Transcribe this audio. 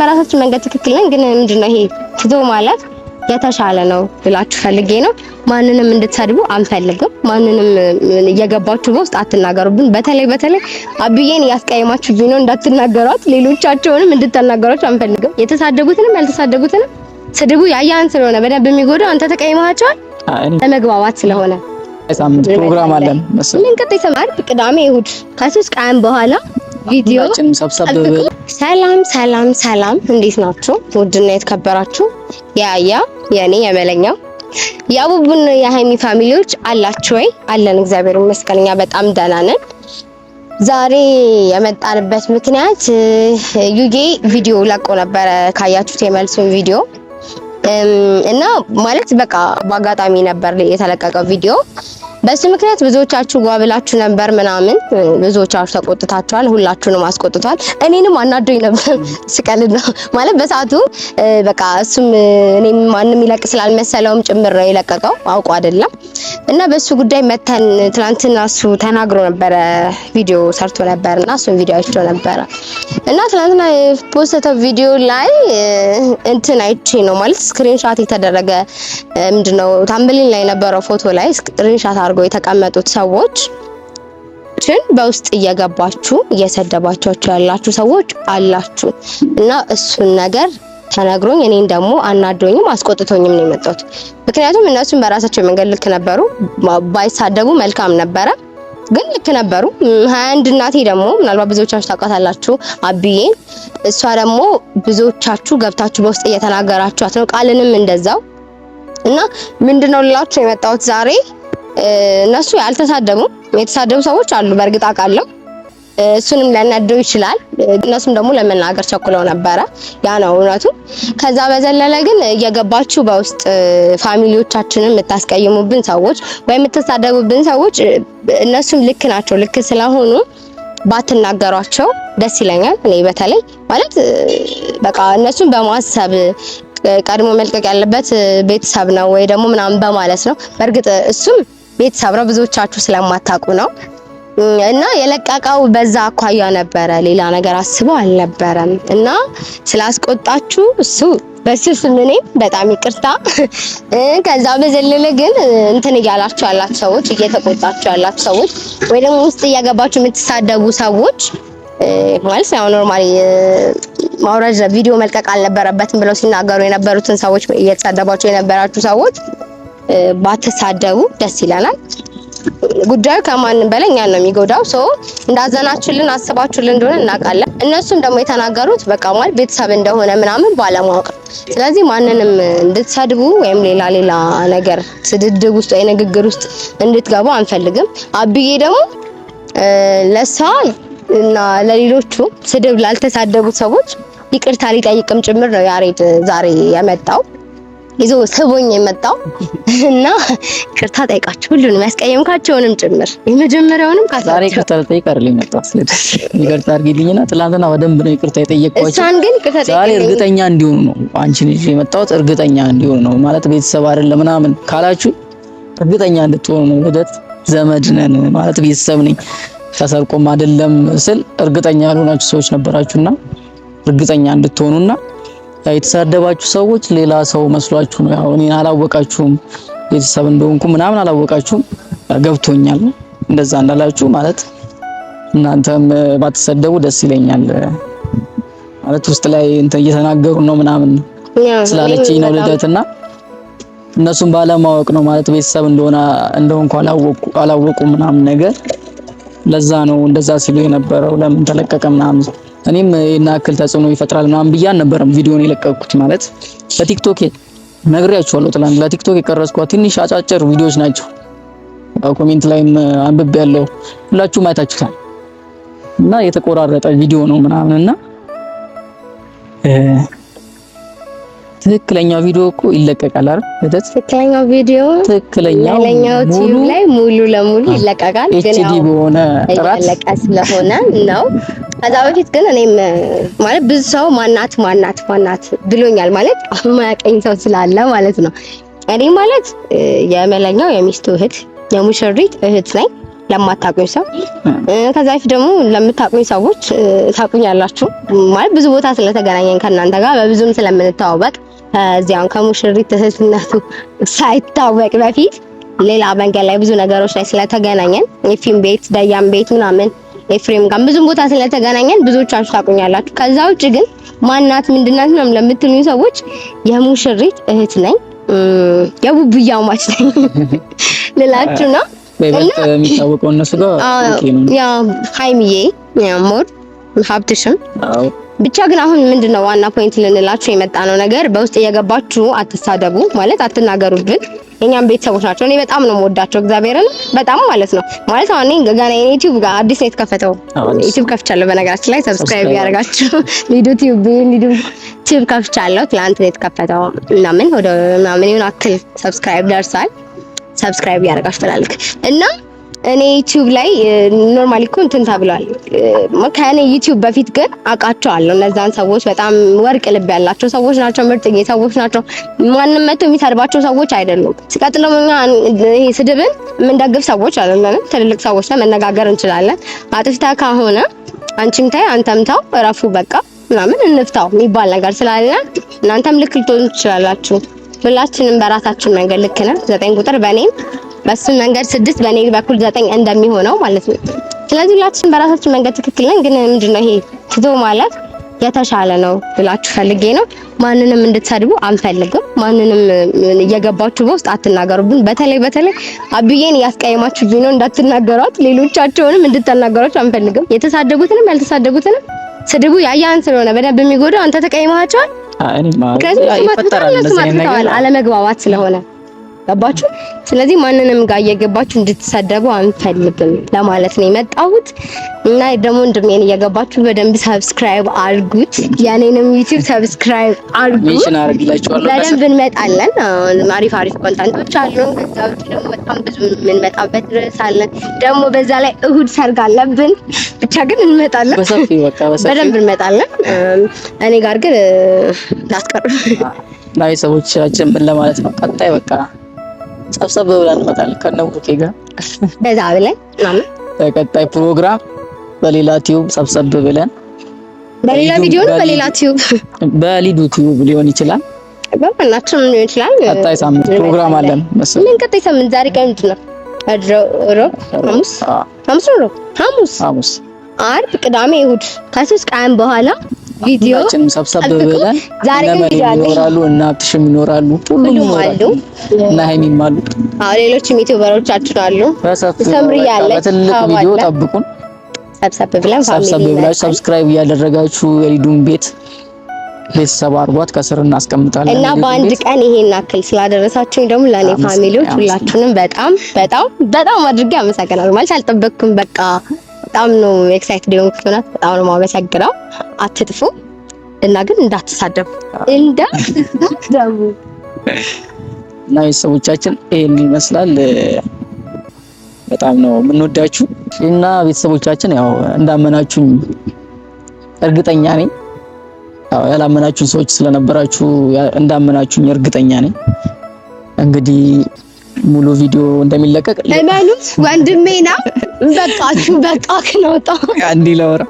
በራሳችን መንገድ ትክክል ነን። ግን ምንድነው ይሄ ትቶ ማለት የተሻለ ነው ብላችሁ ፈልጌ ነው። ማንንም እንድትሰድቡ አንፈልግም። ማንንም እየገባችሁ በውስጥ አትናገሩብን። በተለይ በተለይ አብዬን እያስቀየማችሁብኝ ነው እንዳትናገሯት። ሌሎቻቸውንም እንድትናገሯቸው አንፈልግም። የተሳደቡትንም ያልተሳደቡትንም ስድቡ ያያን ስለሆነ በደንብ የሚጎዳው አንተ ተቀይማቸዋል ለመግባባት ስለሆነ ሳምንት ፕሮግራም አለን መሰለኝ ቅዳሜ እሑድ ከሶስት ቀን በኋላ ቪዲዮ ሰላም ሰላም ሰላም፣ እንዴት ናችሁ? ውድና የተከበራችሁ የአያ የኔ የመለኛ የአቡቡና የሀይሚ ፋሚሊዎች አላችሁ ወይ? አለን፣ እግዚአብሔር ይመስገን፣ በጣም ደህና ነን። ዛሬ የመጣንበት ምክንያት ዩጌ ቪዲዮ ለቆ ነበረ፣ ካያችሁት የመልሱን ቪዲዮ እና ማለት በቃ በአጋጣሚ ነበር የተለቀቀው ቪዲዮ በዚህ ምክንያት ብዙዎቻችሁ ጓብላችሁ ነበር ምናምን፣ ብዙዎቻችሁ ተቆጥታችኋል። ሁላችሁንም አስቆጥቷል። እኔንም አናዶኝ ነበር ስቀልና ማለት በሰዓቱ በቃ እሱም እኔም ማንም ይለቅ ስላልመሰለውም ጭምር ነው የለቀቀው አውቆ አይደለም። እና በሱ ጉዳይ መተን ትናንትና እሱ ተናግሮ ነበረ፣ ቪዲዮ ሰርቶ ነበር እና እሱን ቪዲዮ አይቼው ነበረ እና ትናንትና የፖስተው ቪዲዮ ላይ እንትን አይቼ ነው ማለት ስክሪንሻት የተደረገ ምንድነው ታምብሊን ላይ የነበረው ፎቶ ላይ ስክሪንሻት አድርገው የተቀመጡት ሰዎች ሰዎችን በውስጥ እየገባችሁ እየሰደባችኋቸው ያላችሁ ሰዎች አላችሁ እና እሱን ነገር ተነግሮኝ እኔን ደግሞ አናዶኝም አስቆጥቶኝም ነው የመጣሁት። ምክንያቱም እነሱም በራሳቸው መንገድ ልክ ነበሩ፣ ባይሳደቡ መልካም ነበረ። ግን ልክ ነበሩ። ሀያ አንድ እናቴ ደግሞ ምናልባት ብዙዎቻችሁ ታውቃታላችሁ አብዬን። እሷ ደግሞ ብዙዎቻችሁ ገብታችሁ በውስጥ እየተናገራችኋት ነው፣ ቃልንም እንደዛው እና ምንድነው ልላችሁ የመጣሁት ዛሬ እነሱ ያልተሳደቡ የተሳደቡ ሰዎች አሉ በእርግጥ አውቃለሁ እሱንም ሊያናደው ይችላል። እነሱም ደግሞ ለመናገር ቸኩለው ነበረ። ያ ነው እውነቱ። ከዛ በዘለለ ግን እየገባችሁ በውስጥ ፋሚሊዎቻችንን የምታስቀይሙብን ሰዎች ወይም የምትሳደቡብን ሰዎች እነሱም ልክ ናቸው። ልክ ስለሆኑ ባትናገሯቸው ደስ ይለኛል። እኔ በተለይ ማለት በቃ እነሱን በማሰብ ቀድሞ መልቀቅ ያለበት ቤተሰብ ነው ወይ ደግሞ ምናምን በማለት ነው። በእርግጥ እሱም ቤተሰብ ነው፣ ብዙዎቻችሁ ስለማታውቁ ነው። እና የለቀቀው በዛ አኳያ ነበረ። ሌላ ነገር አስበው አልነበረም። እና ስላስቆጣችሁ እሱ በስስ ምኔ በጣም ይቅርታ። ከዛ በዘለለ ግን እንትን እያላችሁ ያላችሁ ሰዎች፣ እየተቆጣችሁ ያላችሁ ሰዎች ወይ ደግሞ ውስጥ እያገባችሁ የምትሳደቡ ሰዎች ማለት ያው ኖርማሊ ማውረድ ቪዲዮ መልቀቅ አልነበረበትም ብለው ሲናገሩ የነበሩትን ሰዎች እየተሳደባችሁ የነበራችሁ ሰዎች ባትሳደቡ ደስ ይለናል። ጉዳዩ ከማንም በላይ እኛን ነው የሚጎዳው። ሶ እንዳዘናችሁልን አስባችሁልን እንደሆነ እናውቃለን። እነሱም ደግሞ የተናገሩት በቃ ማለት ቤተሰብ እንደሆነ ምናምን ባለማወቅ ነው። ስለዚህ ማንንም እንድትሰድቡ ወይም ሌላ ሌላ ነገር ስድድብ ውስጥ ወይ ንግግር ውስጥ እንድትገቡ አንፈልግም። አብዬ ደግሞ ለሳ እና ለሌሎቹ ስድብ ላልተሳደቡት ሰዎች ይቅርታ ሊጠይቅም ጭምር ነው ያሬድ ዛሬ የመጣው። ይዞ ስቦኝ የመጣው እና ቅርታ ጠይቃችሁ ሁሉንም ያስቀየምካቸውንም ጭምር የመጀመሪያውንም ዛሬ ቅርታ ልጠይቅ አይደለም የመጣሁት። ስለዚህ ይቅርታ አድርጊልኝና ትናንትና በደንብ ነው ይቅርታ የጠየቅኳቸው። እሷን ግን ዛሬ እርግጠኛ እንዲሆኑ ነው አንቺን ይዤ የመጣሁት እርግጠኛ እንዲሆኑ ነው ማለት ቤተሰብ አይደለም ምናምን ካላችሁ እርግጠኛ እንድትሆኑ ነው። ልደት ዘመድ ነን ማለት ቤተሰብ ነኝ ተሰርቆም አይደለም ስል እርግጠኛ ያልሆናችሁ ሰዎች ነበራችሁና እርግጠኛ እንድትሆኑና የተሳደባችሁ ሰዎች ሌላ ሰው መስሏችሁ ነው። ያው እኔን አላወቃችሁም ቤተሰብ እንደሆንኩ ምናምን አላወቃችሁም። ገብቶኛል እንደዛ እንዳላችሁ ማለት እናንተም ባትሰደቡ ደስ ይለኛል ማለት ውስጥ ላይ እንትን እየተናገሩ ነው ምናምን ስላለችኝ ነው ልደት እና እነሱም ባለማወቅ ነው ማለት ቤተሰብ እንደሆነ እንደሆንኩ አላወቁ ምናምን ነገር ለዛ ነው እንደዛ ሲሉ የነበረው ለምን ተለቀቀ ምናምን እኔም ይህን ክል ተጽዕኖ ይፈጥራል ምናምን ብዬ አልነበረም ቪዲዮን የለቀቅኩት ማለት በቲክቶክ ነግሬያችኋለሁ። ትላንት ለቲክቶክ የቀረጽኳት ትንሽ አጫጭር ቪዲዮዎች ናቸው። ኮሜንት ላይም አንብብ ያለው ሁላችሁም አይታችሁታል። እና የተቆራረጠ ቪዲዮ ነው ምናምን እና ትክክለኛው ቪዲዮ እኮ ይለቀቃል አይደል? ለተት ትክክለኛው ቪዲዮ ትክክለኛው ዩቲዩብ ላይ ሙሉ ለሙሉ ይለቀቃል። ግን ያው በሆነ ጥራት ይለቀ ስለሆነ ነው። ከዛ በፊት ግን እኔም ማለት ብዙ ሰው ማናት ማናት ማናት ብሎኛል። ማለት የማያቀኝ ሰው ስላለ ማለት ነው። እኔ ማለት የመለኛው የሚስቱ እህት የሙሽሪት እህት ነኝ። ለማታቆኝ ሰው ከዛ በፊት ደግሞ ለምታቆኝ ሰዎች ታቆኛላችሁ ማለት ብዙ ቦታ ስለተገናኘን ከእናንተ ጋር በብዙም ስለምንተዋወቅ እዚያን ከሙሽሪት እህትነቱ ሳይታወቅ በፊት ሌላ መንገድ ላይ ብዙ ነገሮች ላይ ስለተገናኘን ኤፍሬም ቤት፣ ዳያም ቤት ምናምን ኤፍሬም ጋር ብዙም ቦታ ስለተገናኘን ብዙዎቻችሁ ታቁኛላችሁ። ከዛ ውጭ ግን ማናት ምንድናት ነው ለምትሉኝ ሰዎች የሙሽሪት እህት ነኝ፣ የቡብያው ማች ነኝ ልላችሁ ነው። የሚታወቀው እነሱ ጋር ሀይሚዬ ሞር ሀብትሽም ብቻ ግን አሁን ምንድነው ዋና ፖይንት ልንላችሁ የመጣ ነው ነገር በውስጥ እየገባችሁ አትሳደቡ ማለት አትናገሩብን። የኛም ቤተሰቦች ናቸው። እኔ በጣም ነው የምወዳቸው እግዚአብሔርን በጣም ማለት ነው። ማለት አሁን እኔ ገና እኔ ዩቲዩብ ጋር አዲስ ነው የተከፈተው። ዩቲዩብ ከፍቻለሁ በነገራችን ላይ ሰብስክራይብ ያደርጋችሁ ሊዱ ዩቲዩብ ሊዱ ቲዩብ ከፍቻለሁ። ትላንት ነው የተከፈተው ምናምን ወደ ምናምን ይሁን አክል ሰብስክራይብ ደርሳል። ሰብስክራይብ ያደርጋችሁ ትላልክ እና እኔ ዩቲዩብ ላይ ኖርማሊ እኮ እንትን ተብሏል። ከእኔ ዩቲዩብ በፊት ግን አውቃቸዋለሁ እነዛን ሰዎች። በጣም ወርቅ ልብ ያላቸው ሰዎች ናቸው፣ ምርጥዬ ሰዎች ናቸው። ማንም መቶ የሚሰርባቸው ሰዎች አይደሉም። ሲቀጥለው ይሄ ስድብን የምንደግፍ ሰዎች አይደለንም። ትልልቅ ሰዎች መነጋገር እንችላለን። አጥፍታ ከሆነ አንቺም ታይ አንተም ታው እረፉ በቃ ምናምን እንፍታው የሚባል ነገር ስላለ እናንተም ልክ ልትሆኑ ትችላላችሁ። ሁላችንም በራሳችን መንገድ ልክ ነን። ዘጠኝ ቁጥር በእኔም በሱ መንገድ ስድስት በእኔ በኩል ዘጠኝ እንደሚሆነው ማለት ነው። ስለዚህ ሁላችን በራሳችን መንገድ ትክክል ነን፣ ግን ምንድነው ይሄ ትቶ ማለት የተሻለ ነው ብላችሁ ፈልጌ ነው። ማንንም እንድትሰድቡ አንፈልግም። ማንንም እየገባችሁ በውስጥ አትናገሩብን። በተለይ በተለይ አብዬን እያስቀየማችሁብኝ ነው እንዳትናገሯት። ሌሎቻቸውንም እንድትናገሯቸው አንፈልግም። የተሳደቡትንም ያልተሳደቡትንም ስድቡ ያያን ስለሆነ በደንብ የሚጎዳው አንተ ከዚህ ምክንያቱም እነሱ አጥፍተዋል፣ አለመግባባት ስለሆነ ገባችሁ? ስለዚህ ማንንም ጋር እየገባችሁ እንድትሰደቡ አንፈልግም ለማለት ነው የመጣሁት። እና ደግሞ ወንድሜን እየገባችሁ በደንብ ሰብስክራይብ አድርጉት፣ የኔንም ዩቲዩብ ሰብስክራይብ አድርጉት። በደንብ እንመጣለን። አሪፍ አሪፍ ኮንተንቶች አሉ። ከዛ ውጭ ደግሞ በጣም ብዙ የምንመጣበት ርዕስ አለን። ደግሞ በዛ ላይ እሁድ ሰርግ አለብን። ብቻ ግን እንመጣለን፣ በደንብ እንመጣለን። እኔ ጋር ግን ላስቀር ቤተሰቦቻችን ምን ለማለት ነው ቀጣይ በቃ ሰብሰብ ብላ እንመጣለን ከነ ቡሩኬ ጋር በዛ ብለን ተቀጣይ ፕሮግራም በሌላ ቲዩብ ሰብሰብ ብለን በሌላ ቪዲዮ በሌላ ቲዩብ በሊዱ ቲዩብ ሊሆን ይችላል በማናቸውም ሊሆን ይችላል። ቀጣይ ሳምንት ፕሮግራም አለን መሰለኝ። ምን ቀጣይ ሳምንት ዛሬ ቀን ምንድን ነው? ሐሙስ ሐሙስ ነው ሐሙስ አርብ፣ ቅዳሜ፣ እሁድ ከሶስት ቀን በኋላ ቪዲዮ ሰብሰብ ብለን ዛሬ ይኖራሉ እና ይኖራሉ፣ ሁሉም ይኖራሉ እና ሀይሚም አሉ። አዎ ሌሎችም ቪዲዮ ጠብቁን። ሰብሰብ ብለን ሰብሰብ ብላችሁ ሰብስክራይብ እያደረጋችሁ የሊዱን ቤት ቤተሰብ አርጓት ከስር እናስቀምጣለን እና በአንድ ቀን ይሄን አክል ስላደረሳችሁኝ ደግሞ ለእኔ ፋሚሊዎች ሁላችሁንም በጣም በጣም በጣም አድርጌ አመሰግናለሁ ማለት አልጠበቅኩም በቃ በጣም ነው ኤክሳይትድ የሆንኩት። ሆናት በጣም ነው የማመሰግነው። አትጥፉ እና ግን እንዳትሳደቡ እንዳትሳደቡ እና ቤተሰቦቻችን ይሄን ይመስላል። በጣም ነው የምንወዳችሁ እና ቤተሰቦቻችን ያው እንዳመናችሁኝ እርግጠኛ ነኝ። ያው ያላመናችሁን ሰዎች ስለነበራችሁ እንዳመናችሁኝ እርግጠኛ ነኝ እንግዲህ ሙሉ ቪዲዮ እንደሚለቀቅ እመኑት። ወንድሜ ነው። በቃችሁ በቃ ክነውጣ እንዲህ ለወራ